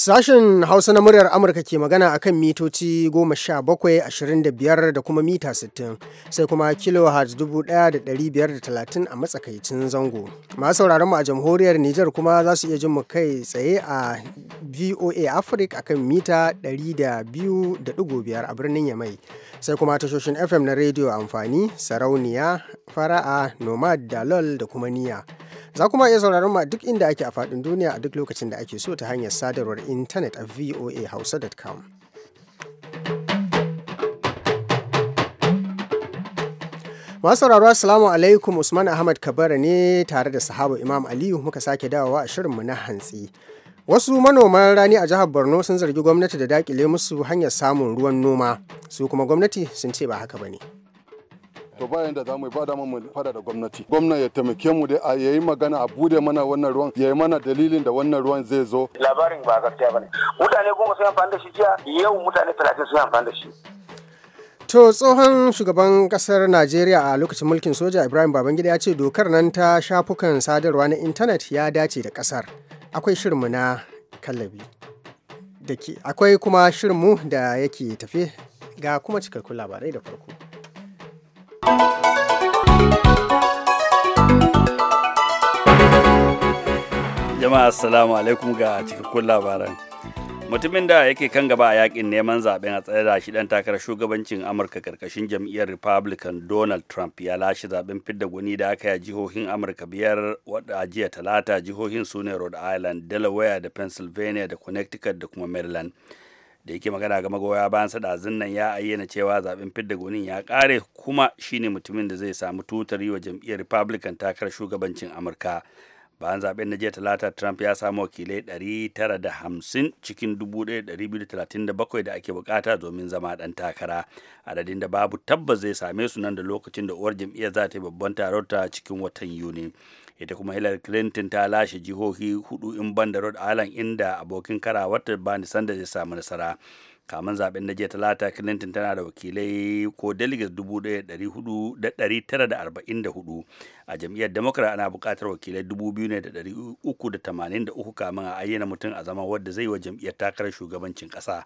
Sashen Hausa na muryar Amurka ke magana a kan mitoci 17,25 da kuma mita 60 sai kuma kilohertz 1,530 a matsakaicin zango. Masu sauraron mu a jamhuriyar Nijar kuma za su iya jin mu kai tsaye a VOA Africa a kan mita 200.5 a birnin Yamai. Sai kuma tashoshin FM na rediyo amfani, sarauniya, fara'a, nomad, dalol da kuma niya. Za kuma iya sauraron a duk inda ake a faɗin duniya a duk lokacin da ake so ta hanyar sadarwar intanet a voahausa.com. Masu sauraro 'asalamu alaikum Usman Ahmad Kabara ne tare da sahaba Imam Aliyu muka sake dawowa a shirinmu na hantsi. Wasu manoman rani a jihar Borno sun zargi gwamnati da dakile musu hanyar samun ruwan noma, su kuma gwamnati sun ce ba haka ba ne. to bayan da zamu ba dama mu fada da gwamnati gwamna ya taimake mu dai a yayi magana a bude mana wannan ruwan yayi mana dalilin da wannan ruwan zai zo labarin ba gaskiya bane mutane goma sun amfani da shi jiya yau mutane 30 sun amfani da shi To tsohon shugaban kasar Najeriya a lokacin mulkin soja Ibrahim Babangida ya ce dokar nan ta shafukan sadarwa na intanet ya dace da kasar. Akwai shirinmu na kallabi. Akwai kuma shirinmu da yake tafe ga kuma cikakkun labarai da farko. jama'a assalamu alaikum ga cikakkun labaran mutumin da yake kan gaba a yakin neman zaben a tsaye da shi dan takarar shugabancin amurka karkashin jam'iyyar republican donald trump ya lashe zaben fidda gwani da aka yi a jihohin amurka biyar wadda jiya talata jihohin sune rhode island delaware da pennsylvania da connecticut da kuma maryland da yake magana ga magoya bayan sadazin nan ya ayyana cewa zaben fidda gonin ya kare kuma shine mutumin da zai samu tutar yi wa jam'iyyar republican takarar shugabancin amurka bayan zaben na jiya talata trump ya samu wakilai 950 cikin 1237 da ake bukata domin zama dan takara adadin da babu tabbas zai same su nan da lokacin da uwar jam'iyyar za ta yi babban taron cikin watan yuni ita kuma hillary clinton ta lashe jihohi hudu in banda rhode island inda abokin karawarta bani sanda ya samu nasara kamin zaben na jiya talata clinton tana da wakilai ko delegates 1,944 a jam'iyyar democrat ana bukatar wakilai dubu biyu uku kamin a ayyana mutum a zama wadda zai wa jam'iyyar takarar shugabancin ƙasa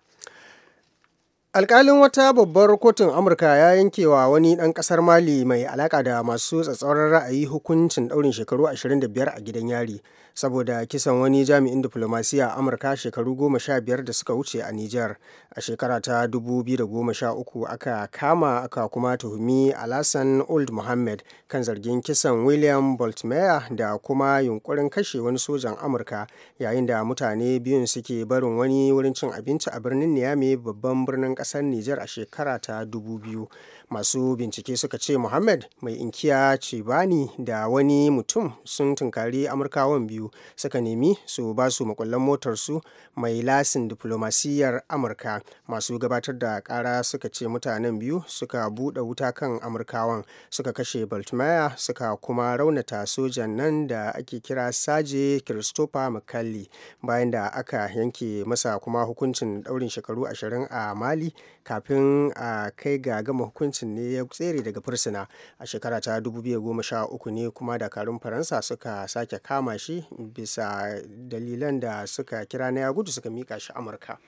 alkalin wata babbar kotun amurka ya yankewa wani ɗan ƙasar mali mai alaƙa da masu tsatsauran ra'ayi hukuncin ɗaurin shekaru 25 a gidan yari saboda kisan wani jami'in diplomasiya amurka shekaru 15 da suka wuce a niger a shekara ta 2013 aka kama aka kuma tuhumi alasan old muhammad kan zargin kisan william baltimore da kuma yunkurin kashe wani sojan amurka yayin da mutane biyun suke barin wani wurin cin abinci a birnin niamey babban birnin ƙasar Nijar a shekara ta 2000 masu bincike suka ce muhammad mai inkiya cibani da wani mutum sun tunkari amurkawan biyu suka nemi su ba su makullan motarsu mai lasin diflomasiyyar amurka masu gabatar da kara suka ce mutanen biyu suka buɗe wuta kan amurkawan suka kashe baltimore suka kuma raunata sojan nan da ake kira saje christopher mccalli bayan da aka yanke masa kuma hukuncin daurin shekaru ashirin a mali kafin a kai ga gama hukuncin Johnson ne ya tsere daga fursuna a shekara ta 2013 ne kuma dakarun Faransa suka sake kama shi bisa dalilan da suka kira na ya gudu suka mika shi Amurka.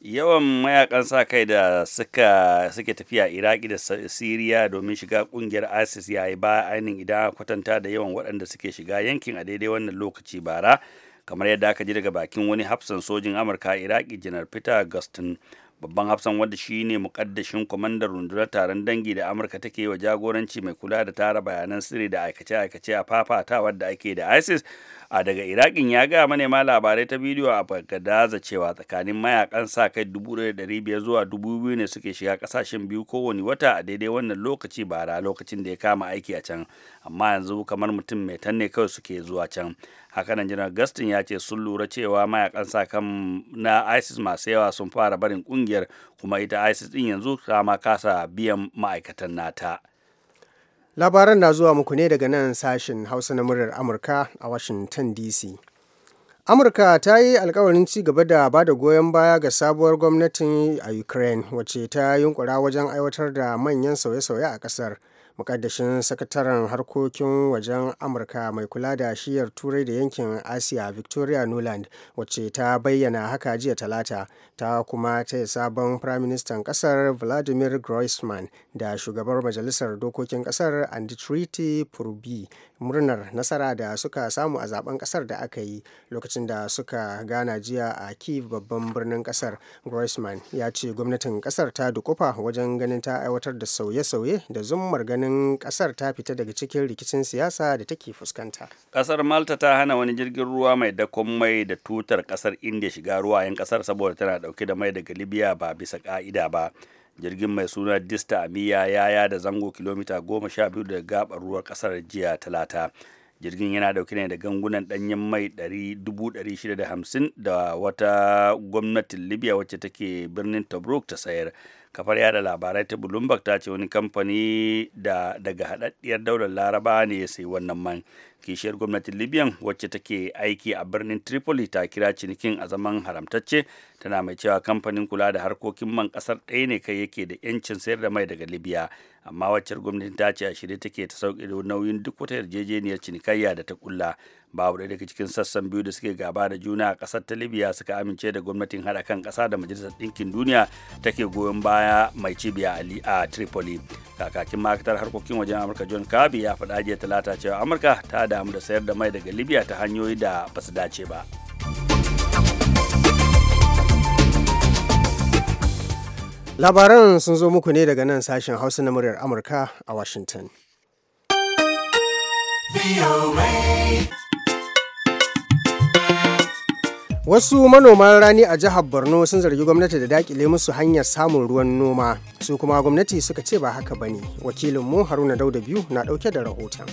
yawan mayakan sa kai da suka suke tafiya iraki da siriya domin shiga kungiyar isis ya yi ba ainihin idan a kwatanta da yawan waɗanda suke shiga yankin a daidai wannan lokaci bara kamar yadda aka ji daga bakin wani hafsan sojin amurka iraki janar peter augustin babban hafsan wanda ne mukaddashin kwamandar rundunar taron dangi da amurka take yi wa jagoranci mai kula da tara bayanan sirri da aikace-aikace a fafatawar da ake da isis a daga irakin ya gaya manema labarai ta bidiyo a bagadaza cewa tsakanin mayakan sa kai 1,500 zuwa 2,000 ne suke shiga kasashen biyu kowane wata a daidai wannan lokaci ba bara lokacin da ya kama aiki a can amma yanzu kamar mutum mai tanne kawai suke zuwa can hakanan jinar gastin ya ce sun lura cewa mayakan sa kan na isis masu yawa sun fara barin kungiyar kuma ita isis din yanzu ta ma kasa biyan ma'aikatan nata. labaran na zuwa muku ne daga nan sashen hausa na muryar amurka a washington dc amurka ta yi alkawarin ci gaba da ba da goyon baya ga sabuwar gwamnatin a ukraine wacce ta yunkura wajen aiwatar da manyan sauye-sauye a kasar mukaddashin sakataren harkokin wajen amurka mai kula da shiyar turai da yankin asiya victoria nuland wacce ta bayyana haka jiya talata ta kuma yi sabon firaministan kasar vladimir groisman da shugabar majalisar dokokin kasar for b murnar nasara da suka samu a zaben kasar da aka yi lokacin da suka gana jiya a kiev babban birnin kasar groisman ya ce gwamnatin kasar ta dukufa wajen ganin ta aiwatar da sauye-sauye da zummar ganin ganin kasar ta fita daga cikin rikicin siyasa da take fuskanta kasar malta ta hana wani jirgin ruwa mai dakon mai da tutar kasar india shiga ruwa yan kasar saboda tana dauke da mai daga libya ba bisa ka'ida ba jirgin mai suna dista amiya ya da zango kilomita goma sha biyu daga gabar ruwan kasar jiya talata jirgin yana dauke ne da gangunan danyen mai hamsin da wata gwamnatin libya wacce take birnin tobruk ta sayar kafar yada labarai ta bloomberg ta ce wani kamfani da daga haɗaɗɗiyar daular laraba ne ya sayi wannan man kishiyar gwamnatin libyan wacce take aiki a birnin tripoli ta kira cinikin a zaman haramtacce tana mai cewa kamfanin kula da harkokin man ƙasar ɗaya ne kai yake da yancin sayar da mai daga libya amma waccar gwamnatin ta ce a shirye take ta sauƙi nauyin duk wata yarjejeniyar cinikayya da ta kulla babu ɗaya daga cikin sassan biyu da suke gaba da juna a ƙasar ta libya suka amince da gwamnatin haɗa kan ƙasa da majalisar ɗinkin duniya take goyon baya mai cibiya ali a tripoli kakakin ma'aikatar harkokin wajen amurka john kirby ya faɗa jiya talata cewa amurka ta damu da sayar da mai daga libya ta hanyoyi da ba su dace ba labaran sun zo muku ne daga nan sashen hausa na muryar amurka a washington Wasu manoman rani a jihar Borno sun zargi gwamnati da dakile musu hanyar samun ruwan noma, su kuma gwamnati suka ce ba haka bane. Wakilinmu Haruna Dauda biyu na ɗauke da rahoton.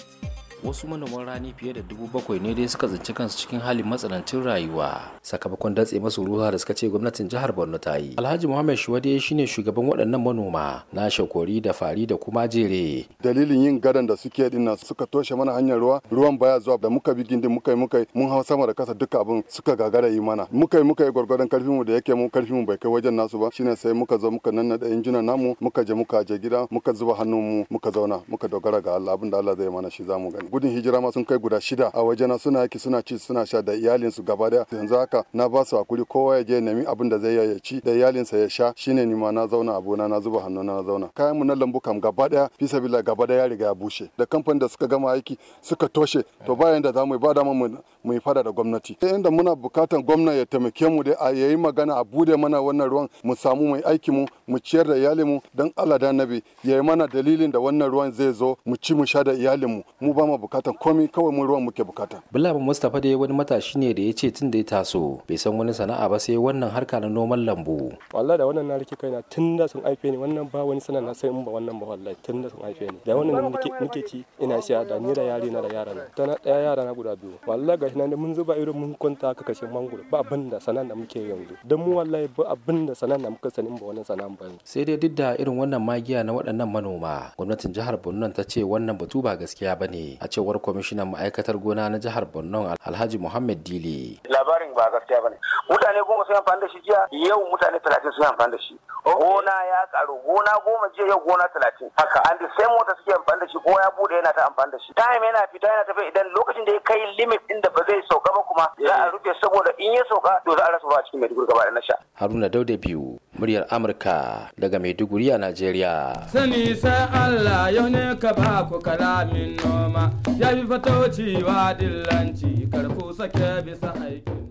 wasu manoman rani fiye da dubu bakwai ne dai suka zance kansu cikin halin matsanancin rayuwa sakamakon datse masu ruwa da suka ce gwamnatin jihar borno ta yi alhaji muhammad shuwade shine shugaban waɗannan manoma na shakori da fari da kuma jere dalilin yin gadon da suke dinna suka toshe mana hanyar ruwa ruwan baya zuwa da muka bi gindin muka yi muka mun hau sama da kasa duka abin suka gagara yi mana muka yi muka yi gwargwadon karfinmu da yake mu mu bai kai wajen nasu ba shine sai muka zo muka da injinan namu muka je muka je gida muka zuba mu muka zauna muka dogara ga Allah abin da Allah zai mana shi zamu gani gudun hijira ma sun kai guda shida a wajena suna yake suna ci suna sha da iyalinsu gaba daya yanzu haka na ba su hakuri kowa ya je nemi abin da zai ya ci da iyalinsa ya sha shine ni ma na zauna abona na zuba hannu na zauna kayan mu na lambu kam gaba daya fisa bila gaba daya ya riga ya bushe da kamfanin da suka gama aiki suka toshe to bayan da zamu ba da mu yi fada da gwamnati sai inda muna bukatan gwamna ya taimake mu da a yayi magana a bude mana wannan ruwan mu samu mai aiki mu mu ciyar da iyalinmu don Allah da nabi yayi mana dalilin da wannan ruwan zai zo mu ci mu sha da iyalinmu mu ba mu ma bukatan komai kawai mun ruwan muke bukata Bilal mustapha dai wani matashi ne da ya ce tun da ya taso bai san wani sana'a ba sai wannan harka na noman lambu wallahi da wannan na rike kaina tun da sun haife ni wannan ba wani sana'a sai in ba wannan ba wallahi tun da sun haife ni da wannan nake muke ci ina sha da ni da yare na da yara na tana daya yara na guda biyu wallahi gashi nan mun zuba irin mun kwanta ka kashe mangoro ba abin da sana'a da muke yanzu dan mu wallahi ba abin da sana'a da muka sani ba wannan sana'a ba sai dai duk da irin wannan magiya na waɗannan manoma gwamnatin jihar Borno ta ce wannan batu ba gaskiya bane a cewar kwamishinan ma'aikatar gona na jihar borno alhaji muhammad dili. labarin ba gaskiya bane mutane goma sun amfani da shi jiya yau mutane talatin sun amfani da shi gona ya karu gona goma jiya yau gona talatin haka and the same water suke amfani da shi ko ya bude yana ta amfani da shi time yana fita yana tafiya idan lokacin da ya kai limit din da ba zai sauka ba kuma za a eh. rufe saboda in ya sauka to za a rasa ruwa a cikin mai gaba da na sha haruna dauda biyu muryar Amurka daga Maiduguri a Najeriya. Sani sai Allah yau ne ka ba ku kalamin noma, ya fi fatoci wa dillanci karku sake bisa aikin.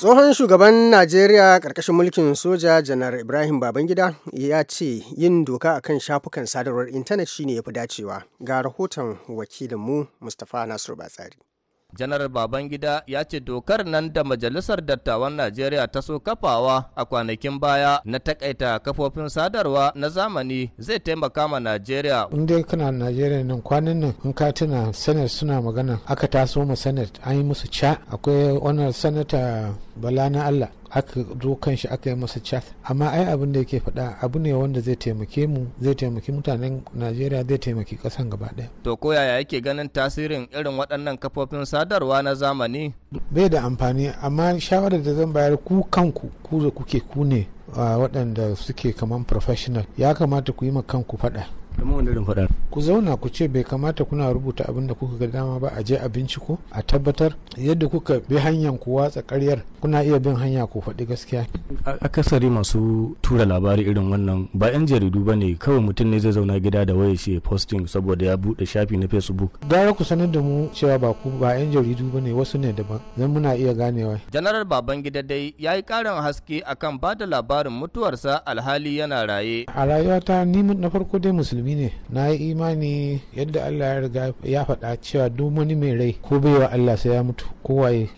tsohon shugaban najeriya karkashin mulkin soja janar ibrahim babangida ya ce yin doka akan shafukan sadarwar intanet shine ya fi dacewa ga rahoton wakilinmu mustapha nasiru batsari janar babangida ya ce dokar nan da majalisar dattawan najeriya ta so kafawa a kwanakin baya na takaita kafofin sadarwa na zamani zai taimaka ma najeriya in dai kana najeriya nan kwanan nan in ka tuna senate suna magana aka taso mu senate an yi musu ca akwai wannan sanata bala na allah aka zo kan shi aka yi masa chat amma ai abin da yake faɗa abu ne wanda zai taimake mu zai taimaki mutanen najeriya zai taimaki kasan gaba ɗaya to ko yaya yake ganin tasirin irin waɗannan kafofin sadarwa na zamani bai da amfani amma shawarar da zan bayar ku kanku ku da kuke ku ne waɗanda suke kaman professional ya kamata ku yi ma kanku faɗa ku zauna ku ce bai kamata kuna rubuta abin da kuka ga dama ba a je a binciko a tabbatar yadda kuka bi hanyar ku watsa karyar kuna iya bin hanya ku faɗi gaskiya akasari masu tura labari irin wannan ba yan jaridu ba kawai mutum ne zai zauna gida da waya shi posting saboda ya buɗe shafi na facebook gara ku sanar da mu cewa ba ku ba yan jaridu ba ne wasu ne daban zan muna iya ganewa janaral babangida dai ya yi ƙarin haske akan ba da labarin mutuwarsa alhali yana raye a rayuwata ni na farko dai musulmi musulmi ne na yi imani yadda allah ya riga ya faɗa cewa duk wani mai rai ko baiwa allah sai ya mutu kowaye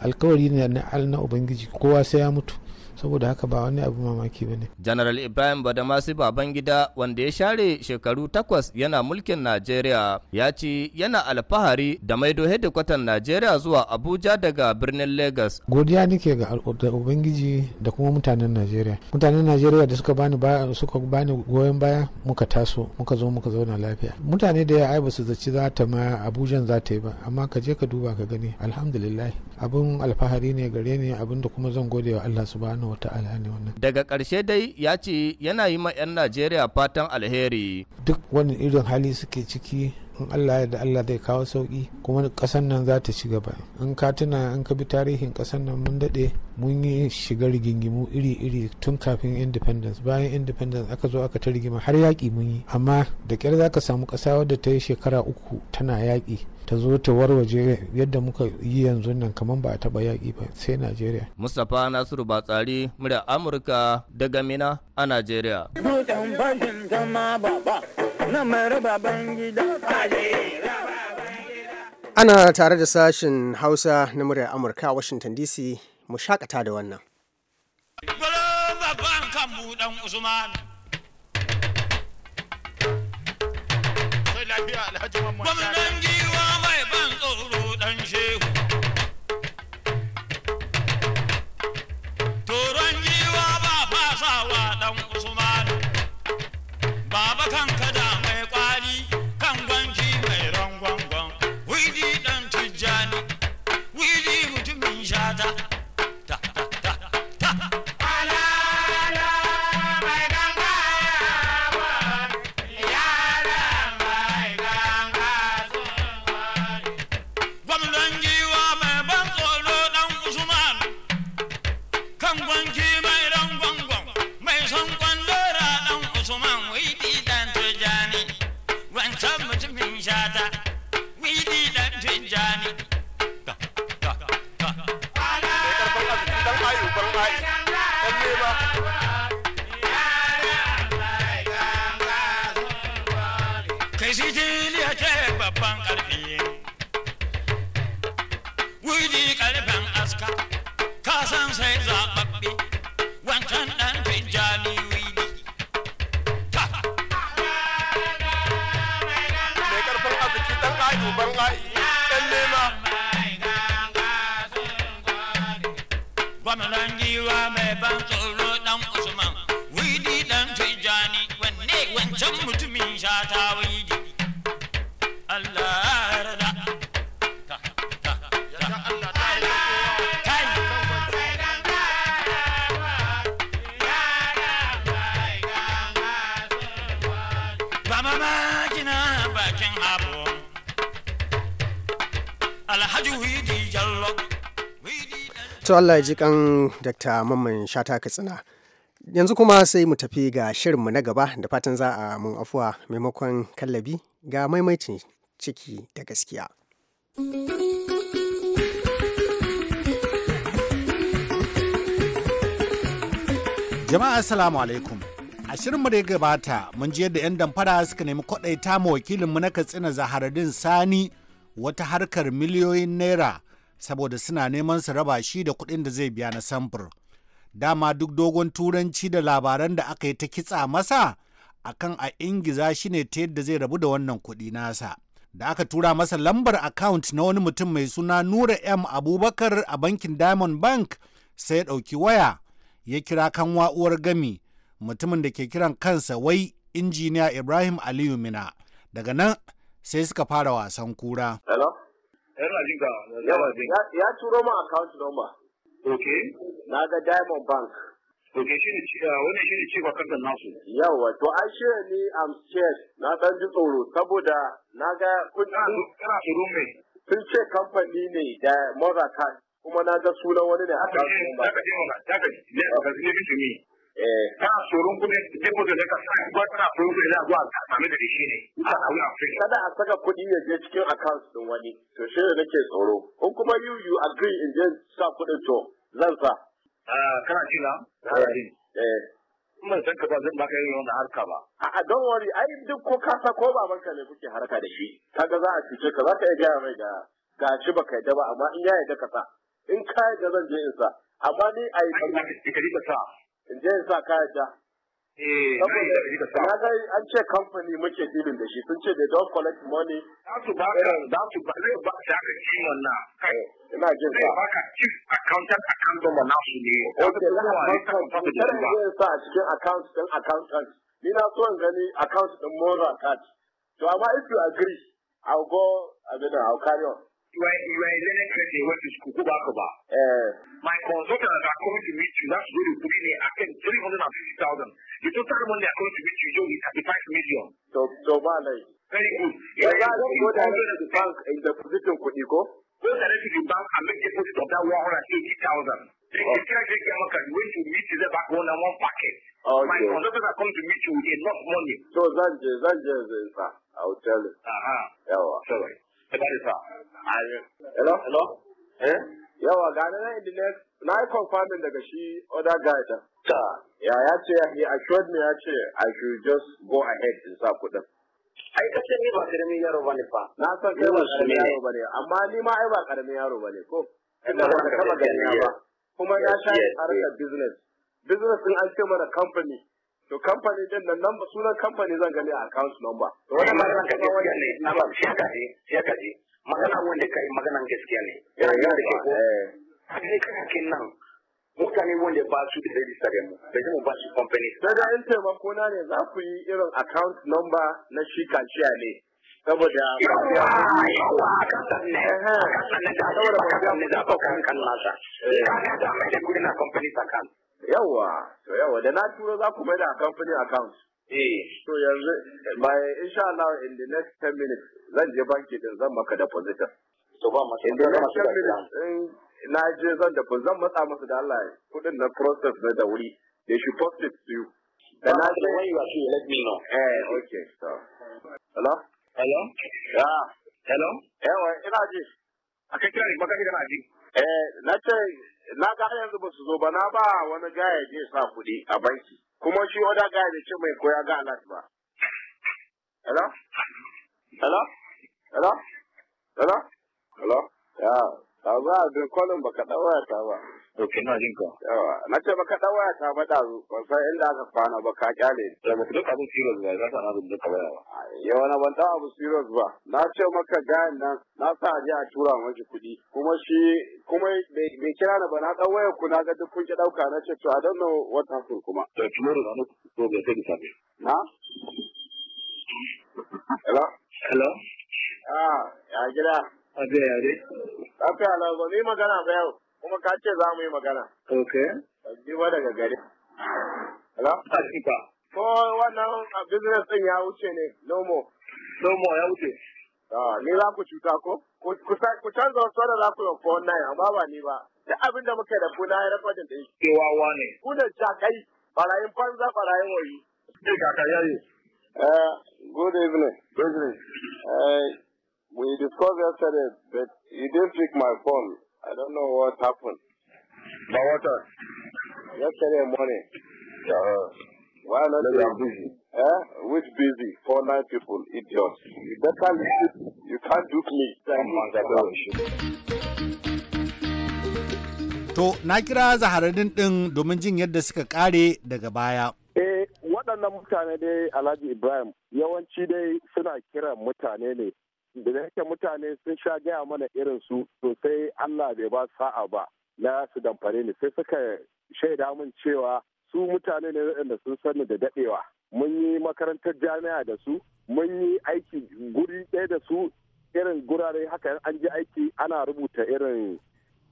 alkawari ne na ubangiji kowa sai ya mutu saboda haka ba wani abu mamaki ba ne. General Ibrahim Badamasi Babangida wanda ya share shekaru takwas yana mulkin Najeriya ya ce yana alfahari da maido hedikwatan Najeriya zuwa Abuja daga birnin Lagos. Godiya nake ga Ubangiji da kuma mutanen Najeriya. Mutanen Najeriya da suka bani suka bani goyon baya muka taso muka zo muka zauna lafiya. Mutane da ya ai basu zaci za ta ma Abuja za ta yi ba amma ka je ka duba ka gani alhamdulillah abun alfahari ne gare ni abin da kuma zan gode wa Allah subhanahu daga karshe dai ya ce yana yi ma 'yan najeriya fatan alheri duk wani irin hali suke ciki in allah ya da allah zai kawo sauki kuma kasan nan za ta ci gaba in ka tuna in ka bi tarihin kasan nan mun daɗe mun yi shiga rigingimu iri-iri tun kafin independence bayan independence aka zo aka ta rigima har yaƙi mun yi amma da ƙyar za ka samu ƙasa wadda ta yi shekara uku tana yaƙi ta zo ta warwaje yadda muka yi yanzu nan kamar ba a taɓa yaƙi ba sai nigeria. mustapha nasiru batsari murya amurka daga mina a nigeria. ana tare da sashen hausa na murya amurka a washington dc mu shakata da wannan Gwamnan gi not to Allah ya ji kan Dr. Mamman Shata Katsina. Yanzu kuma sai mu tafi ga shirinmu na gaba da fatan za a mun afuwa maimakon kallabi ga maimaitin ciki da gaskiya. Jama'a Assalamu alaikum. A shirinmu da ya gabata mun ji yadda 'yan damfara suka nemi kwaɗaita ma wakilinmu na Katsina din Sani wata harkar miliyoyin naira saboda suna neman su raba shi da kuɗin da zai biya na samfur. Dama duk dogon turanci da labaran da aka yi ta kitsa masa akan a ingiza shi ne ta yadda zai rabu da wannan kuɗi nasa. Da aka tura masa lambar account na wani mutum mai suna Nura M Abubakar a bankin Diamond Bank sai ya ɗauki waya ya kira kan uwar gami mutumin da ke kiran kansa wai injiniya Ibrahim Aliyu Mina. Daga nan sai suka fara wasan kura. Hello? yana ya turo mu account number okay na ga diamond bank okay shine wani shine ce bakar da nasu yawa to an shirya ni am scared na dan ji tsoro saboda na ga kudin kana turo mai sun ce kamfani ne da morakan kuma na ga sunan wani ne a kan ba. Daga ne, daga ne, daga ka eh, tsoron kuɗi deposit da ka sa ba ta tsoron kuɗi za a zuwa a sami da shi ne a ɗauki afirka. kada a saka kuɗi ya je cikin account ɗin wani to shi ne nake tsoro in kuma you you agree in je sa kuɗin to zan sa. Ah, kana ci na? eh, eh. ban san zan ba zan baka yin wannan harka ba. A'a don wari ai duk ko kasa ko ba babanka ne kuke harka da shi. Kaga za a cuce ka za ka iya gaya mai ga ga shi baka yadda ba amma in ya yadda ka sa. In ka da zan je in sa. Amma ni a yi. Ka da sa. in je in sa kaya ja eh, na ga an ce kamfani muke dilin da shi sun ce they don't collect money za su ba ka eh, za ba ba na eh, ina jin sa ba ka chief accountant accountant na su ne okay na da a cikin account din accountant ni na so in gani account din mora card to amma if you agree I'll go I mean I'll carry on you are, you are elected president you went to school, go back over. Uh, eh. My consultants are coming to meet you, that's where you put in a, I think, 350,000. The total money are coming to meet you, you only 35 million. So, so bad, Very good. Yeah, yeah, yeah, go to the bank in the position, could you go? Go directly to the bank and make deposit of that 180,000. The oh. secretary went to meet you back one on one packet. Okay. My consultants are coming to meet you with enough money. So that's, that's, that's, that's, I will tell you. Uh-huh. Yeah, well. Sorry. Kadisa. Hello? Hello? Eh? Yawa gane na Idilex, na yi confirming daga shi other guy ɗin. Ta. Ya ya ce, he assured me ya ce, I should just go ahead in sa kuɗin. Ai, ka ce ni ba karamin yaro ba ne fa. Na san kai ba karamin yaro ba ne, amma ni ma ai ba karamin yaro ba ne ko. Ina ba ka taɓa gani ba. Kuma ya sha harkar business. Business din an ce mana company. to kamfani din nan nan sunan kamfani zan gani a account number to wannan magana ka gaskiya ne amma shi ka je shi ka je magana wanda kai magana gaskiya ne yana da ko sai kana kin nan mutane wanda ba su da rajista da mu da mu ba su company sai da in taimako na ne za ku yi irin account number na shi kaciya ne saboda ya yawa ka sanne saboda ba ka sanne da ba kan kan nasa eh. ka ga da mai da na company ta account yawa to yawa da na turo za ku mai da kamfanin account eh to yanzu by insha Allah in the next 10 minutes zan je banki din zan maka deposit to ba ma in the next minutes na je zan da zan matsa masa da Allah kudin na process na da wuri they should post it to you then I je when you are sure let me know eh okay so hello hello yeah hello eh ina ji akai kira ne baka ji na ji eh na ce na ga yanzu ba su zo ba na ba wani gaya je sa kuɗi a banki kuma shi oda gaya da ce mai koya ga alat ba hello hello A za a jin kolin ba ka ɗau wayata ba. Ok, na jin ka. Yawa, na ce ba ka ɗau wayata ba ɗazu, ban san inda aka kwana ba ka kyale. Da ba duk abin serious ba, za ka na rubuta ka waya ba. Yawana na ban ɗau abu serious ba. Na ce maka gayan nan, na sa a je a tura mashi kuɗi. Kuma shi, kuma bai kira na ba na ɗau wayar ku na ga duk kun ki ɗauka na ce to a don know what happened kuma. Da tomorrow na nuka bai sai da Na? Hello? Hello? Ah, ya gida. abiya yare lafiya lau ba mu yi magana ba yau kuma ka ce za mu yi magana ok ji ba daga gari hello hakika ko wannan business din ya wuce ne nomo nomo ya wuce ni za ku cuta ko ku canza wasu da za ku yi ko nine amma ba ni ba duk abin da muka da ku na yi rekodin da yake wawa ne ku da jakai barayin banza barayin wayi sai kaka yayi good evening good evening We discussed yesterday, but he didn't pick my phone. I don't know what happened. But what else? Yesterday morning. Uh, why not? They are busy. Eh? Which busy? Four nine people, idiots. You better listen. You can't dupe me. To, na kira zahararin ɗin domin jin yadda suka ƙare daga baya. Eh, waɗannan mutane dai Alhaji Ibrahim yawanci dai suna kiran mutane ne da yake mutane sun sha gaya mana irin su sosai Allah bai ba sa'a ba na su damfare ni sai suka shaida mun cewa su mutane ne waɗanda sun sani da daɗewa mun yi makarantar jami'a da su mun yi aiki guri ɗaya da su irin gurare haka an ji aiki ana rubuta irin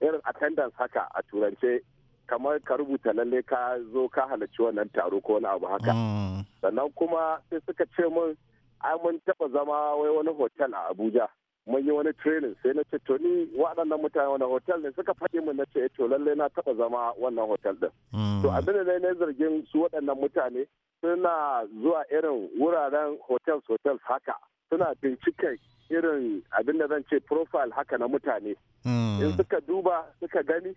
irin attendance haka a turance kamar ka rubuta lalle ka zo ka halarci wannan taro ko wani abu haka mm. sannan kuma sai suka ce mun ai mun taɓa zama wai wani hotel a abuja mun yi wani training sai na ce to ni waɗannan mutane wani hotel ne suka faɗi mun na ce eh, to lallai na taɓa zama wannan hotel din to mm. abin da ne zargin su waɗannan mutane suna zuwa irin wuraren hotels hotels haka suna binciken irin abin da zan ce profile haka na mutane mm. in suka duba suka gani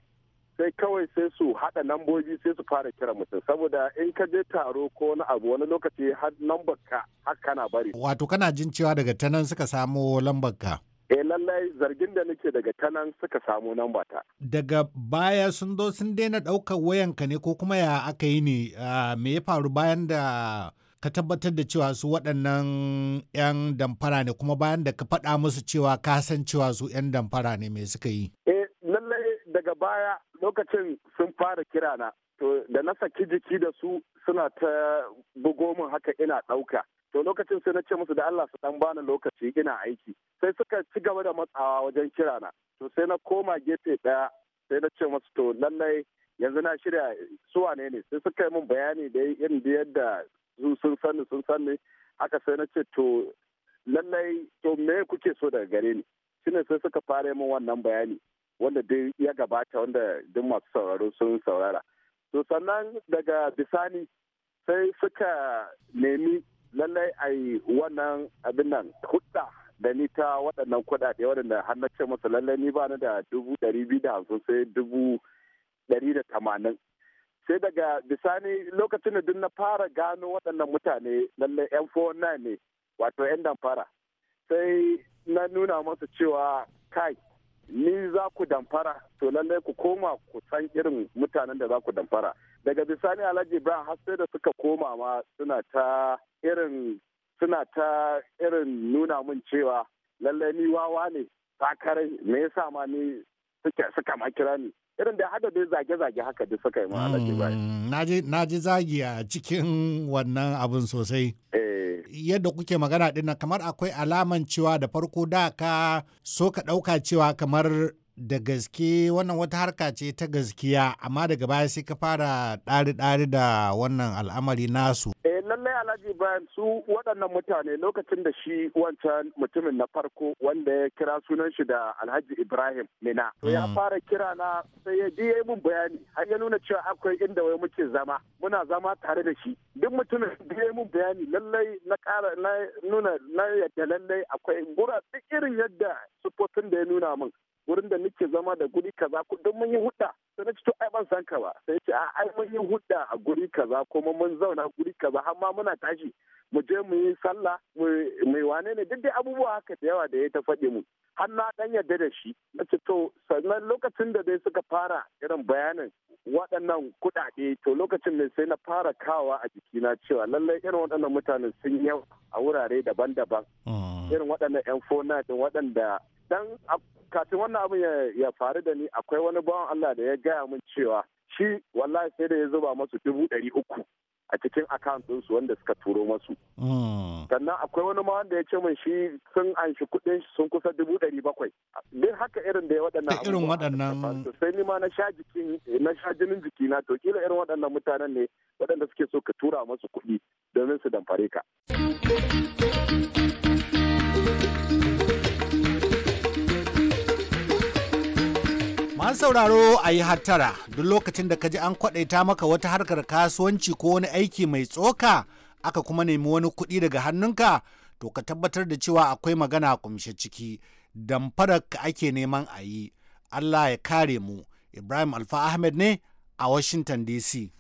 sai kawai sai su haɗa lambobi sai su fara kira mutum saboda in ka je taro ko na abu wani lokaci har lambar ka har kana bari. Wato kana jin cewa daga tanan suka samu lambar ka? Eh lallai zargin da nake daga tanan suka samu lambar ta. Daga baya sun zo sun daina ɗaukar wayanka ne ko kuma ya aka yi ne ah, me ya faru bayan da ka tabbatar da cewa su waɗannan 'yan damfara ne kuma bayan da ka faɗa musu cewa ka san cewa su 'yan damfara ne me suka yi. Eh lallai daga baya lokacin sun fara kirana to da na saki jiki da su suna ta bugo min haka ina ɗauka to lokacin sai na ce musu da Allah su dan bani lokaci ina aiki sai suka ci gaba da matsawa wajen kirana na to sai na koma gefe daya sai na ce musu to lallai yanzu na shirya su wane ne sai suka yi min bayani da irin yadda sun sani sun sani haka sai na ce to lallai to me kuke so daga gare ni shine sai suka fara min wannan bayani wanda dai ya gabata wanda duk masu sauraro sun saurara to sannan daga bisani sai suka nemi lallai a yi wannan abin nan hudda da ni ta waɗannan kuɗaɗe waɗanda hannun ce masa lallai ni ba da dubu ɗari biyu da hamsin sai dubu ɗari da tamanin sai daga bisani lokacin da duk na fara gano waɗannan mutane lallai yan fona ne wato yan damfara sai na nuna masa cewa kai ni za ku damfara to lallai ku koma ku san irin mutanen da za ku damfara daga bisani alhaji ibrahim har sai da suka koma ma suna ta irin suna ta irin nuna min cewa lallai ni wawa ne takarai me yasa ma ni suka ma kira ni irin da hada dai zage-zage haka da suka yi mu alaji mm, na ji zagi a cikin wannan abin sosai eh. yadda kuke magana dinnan kamar akwai alaman cewa da farko da ka so ka dauka cewa kamar da gaske wannan wata harka ce ta gaskiya amma daga baya sai ka fara ɗari-ɗari da wannan al'amari nasu. Eh lallai Alhaji bayan su waɗannan mutane lokacin da shi wancan mutumin na farko wanda ya kira sunan shi da Alhaji Ibrahim Mina. To ya mm. fara kira na sai ya je mun bayani har ya nuna cewa akwai inda wai muke zama muna zama tare da shi. Duk mutumin da ya mun bayani lallai na ƙara na nuna na yadda lallai akwai gura duk irin yadda sufofin da ya nuna mun. wurin da nake zama da guri kaza kuɗin don mun yi hudda sai na ci to ai ban san ka ba sai ce a ai mun yi hudda a guri kaza kuma mun zauna guri kaza har muna tashi mu je mu yi sallah mu yi wane ne duk dai abubuwa haka da yawa da ya ta faɗi mu har na dan yarda da shi na ce to sannan lokacin da dai suka fara irin bayanin waɗannan kuɗaɗe to lokacin ne sai na fara kawa a jikina cewa lallai irin waɗannan mutanen sun yau a wurare daban-daban mm. irin waɗannan 'yan fona din waɗanda dan kafin wannan abin ya faru da ni akwai wani bawan Allah da ya gaya min cewa shi wallahi sai da ya zuba masu dubu ɗari uku a cikin account ɗinsu wanda suka turo masu. Hmm. Sannan akwai wani ma wanda ya ce min shi sun anshi kuɗin sun kusa dubu ɗari bakwai. Duk haka irin da ya waɗannan abubuwa. irin waɗannan. Sai ni ma na sha na sha jinin jiki na to kila irin waɗannan mutanen ne waɗanda suke so ka tura masu kuɗi domin su damfare ka. Masu sauraro a yi hattara duk lokacin da kaji an kwaɗaita maka wata harkar kasuwanci ko wani aiki mai tsoka aka kuma nemi wani kuɗi daga hannunka to ka tabbatar da cewa akwai magana kumshe ciki damfarar ka ake neman a yi. Allah ya kare mu. Ibrahim Alfa Ahmed ne a Washington DC.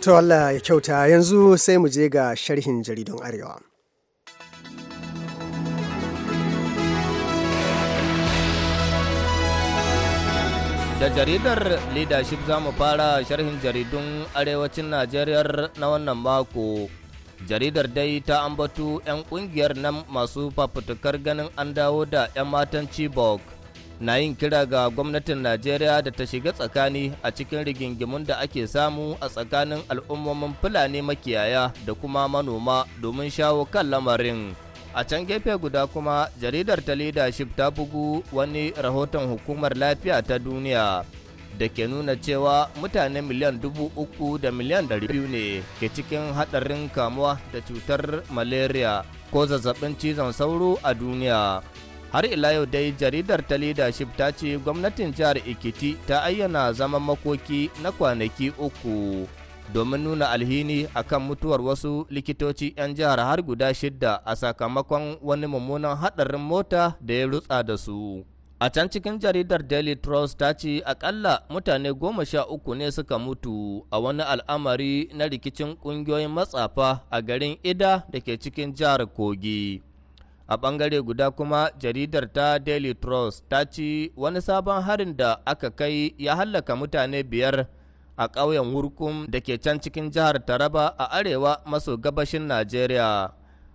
To Allah ya kyauta yanzu sai mu je ga sharhin jaridun Arewa. Da jaridar leadership za mu fara sharhin jaridun arewacin Najeriya na wannan mako. Jaridar dai ta ambatu 'yan kungiyar nan masu fafutukar ganin an dawo da 'yan matan Chibok. na yin kira ga gwamnatin Najeriya da ta shiga tsakani a cikin rigingimun da ake samu a tsakanin al'ummomin Fulani makiyaya da kuma manoma domin shawo kan lamarin. a can gefe guda kuma jaridar ta leadership ta bugu wani rahoton hukumar lafiya ta duniya da ke nuna cewa mutane miliyan dubu uku da miliyan ɗari biyu ne ke cikin haɗarin kamuwa da cutar malaria ko zazzabin cizon sauro a duniya har ila yau dai jaridar ta leadership ta ce gwamnatin jihar ikiti ta ayyana zaman makoki na kwanaki uku domin nuna alhini kan mutuwar wasu likitoci 'yan jihar har guda shidda a sakamakon wani mummunan haɗarin mota da ya rutsa da su. A can cikin jaridar Daily Trust ta ce akalla mutane goma sha uku ne suka mutu a wani al'amari na rikicin ƙungiyoyin matsafa a garin Ida da ke cikin jihar Kogi. A ɓangare guda kuma jaridar ta Daily Trust ta ce wani sabon harin da aka kai ya hallaka mutane biyar. a ƙauyen Wurkum da ke can cikin jihar Taraba a arewa maso gabashin Najeriya.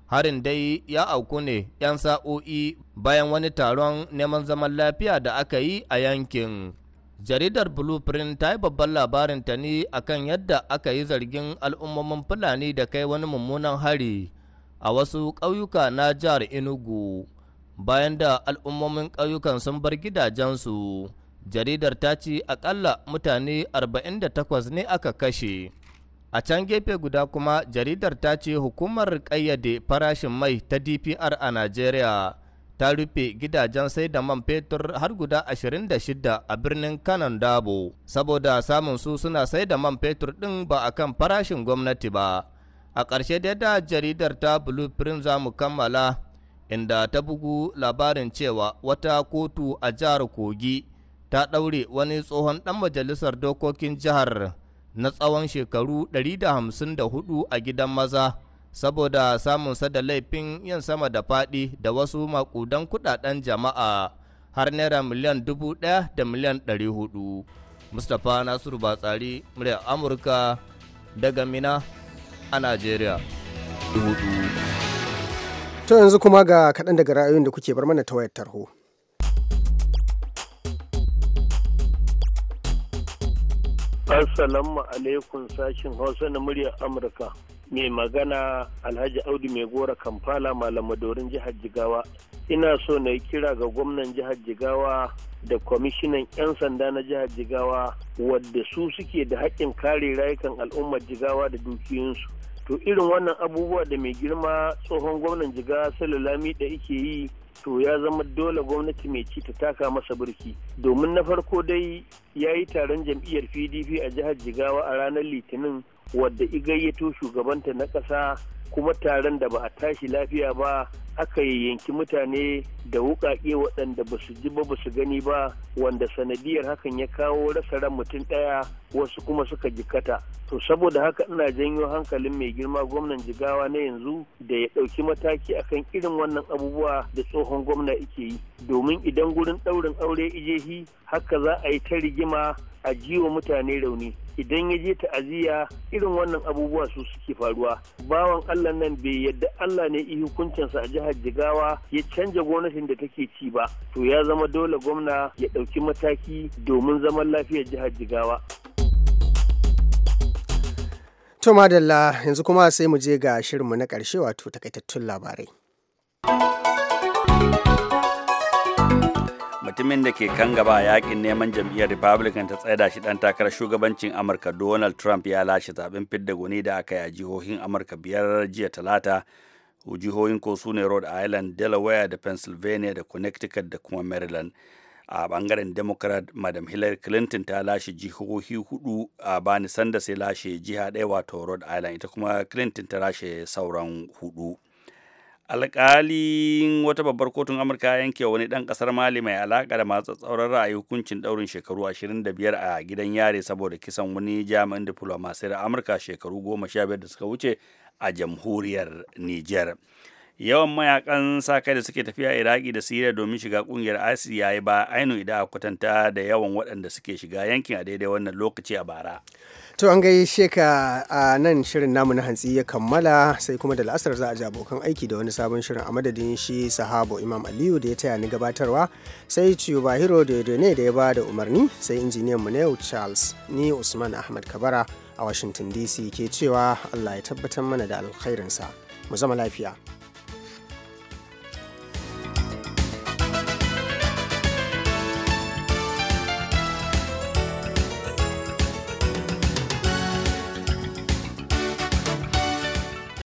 Harin dai ya auku ne 'yan sa'o'i bayan wani taron neman zaman lafiya da aka yi a yankin. Jaridar Blueprint ta yi babban labarin ta ne akan yadda aka yi zargin al'ummomin Fulani da kai wani mummunan hari a wasu ƙauyuka na jihar Enugu, bayan da al'ummomin ƙauyukan sun bar gidajensu. jaridar ta ce akalla mutane 48 ne aka kashe a can gefe guda kuma jaridar ta ce hukumar ƙayyade farashin mai ta dpr a nigeria ta rufe gidajen sai da man fetur har guda 26 a birnin kanan dabo saboda samun su suna sai da man fetur din ba a kan farashin gwamnati ba a ƙarshe dai da jaridar ta blueprint za mu kammala inda ta bugu labarin cewa wata kotu a jihar kogi ta ɗaure wani tsohon ɗan majalisar dokokin jihar na tsawon shekaru 154 a gidan maza saboda samunsa da laifin yin sama da faɗi da wasu makudan kudaden jama'a har naira miliyan dubu ɗaya da miliyan ɗari hudu mustapha nasiru batsari muryar amurka daga mina a najeriya to yanzu kuma ga kaɗan daga ra'ayoyin da kuke bar mana ta wayar tarho Assalamu alaikum sashin Hausa na muryar Amurka. Mai magana Alhaji Audu mai gora Kampala malamadorin jihar Jigawa. Ina so na yi kira ga gwamnan jihar Jigawa da kwamishinan 'yan sanda na jihar Jigawa wadda su suke da haƙƙin kare rayukan al'ummar Jigawa da dukiyoyinsu. To irin wannan abubuwa da mai girma tsohon gwamnan Jigawa Salalami da ike yi to ya zama dole gwamnati mai ci ta taka masa birki domin na farko dai ya yi taron jam'iyyar pdp a jihar jigawa a ranar litinin wadda igayyato shugabanta na ƙasa kuma taron da ba a tashi lafiya ba aka yanki mutane da wuƙaƙe waɗanda ba su ji ba ba su gani ba wanda sanadiyar hakan ya kawo rasa ran mutum ɗaya wasu kuma suka jikata to saboda haka ina janyo hankalin mai girma gwamnan jigawa na yanzu da ya ɗauki mataki akan irin wannan abubuwa da tsohon gwamna ike yi domin idan gurin ɗaurin aure ijehi haka za a yi ta rigima a jiwa mutane rauni idan ya je ta'aziyya irin wannan abubuwa su suke faruwa bawan Allah nan bai yadda Allah ne yi hukuncinsa a jihar Jigawa ya canja gwamnatin da take ci ba to ya zama dole gwamna ya ɗauki mataki domin zaman lafiyar jihar Jigawa. To madalla yanzu kuma sai mu je ga shirinmu na ƙarshe wato takaitattun labarai. mutumin da ke kan gaba a yakin neman jam'iyyar republican ta tsaida shi dan takarar shugabancin amurka donald trump ya lashe zaben fidda gwani da aka yi a jihohin amurka biyar jiya talata jihohin ko su ne rhode island delaware da pennsylvania da connecticut da kuma maryland a bangaren democrat madam hillary clinton ta lashe jihohi hudu a bani sanda sai lashe jiha ɗaya wato rhode island ita kuma clinton ta lashe sauran hudu alƙalin wata babbar kotun amurka yanke wani ɗan ƙasar mali mai alaƙa da masu tsauran ra'ayi hukuncin ɗaurin shekaru 25 a gidan yare saboda kisan wani jami'in diplomasiyar amurka shekaru 15 da suka wuce a jamhuriyar niger yawan mayakan sa kai da suke tafiya iraki da siriya domin shiga kungiyar isis ya yi ba ainu idan a kwatanta da yawan waɗanda suke shiga yankin a daidai wannan lokaci a bara To an a nan shirin namu na hantsi ya kammala sai kuma da la'asar za a ji abokan aiki da wani sabon shirin a madadin shi sahabo Imam Aliyu da ya taya ni gabatarwa sai Ciuba bahiro da ne da ya ba da umarni sai injiniyan mu na Charles ni Usman Ahmad Kabara a Washington DC ke cewa Allah ya tabbatar mana da alkhairinsa mu zama lafiya.